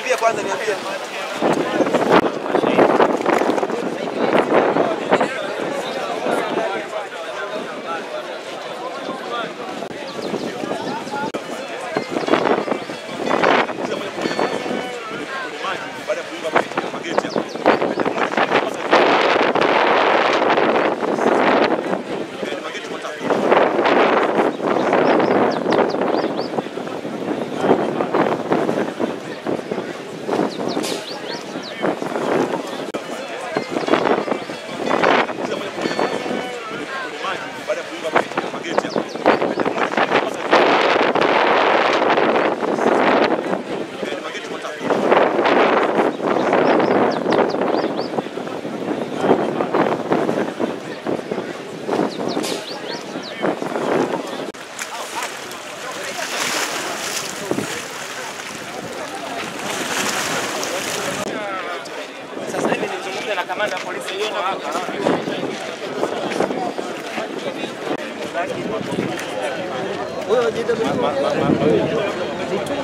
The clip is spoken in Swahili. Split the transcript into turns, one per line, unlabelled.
minha via, quase pamoja na kamanda polisi huyo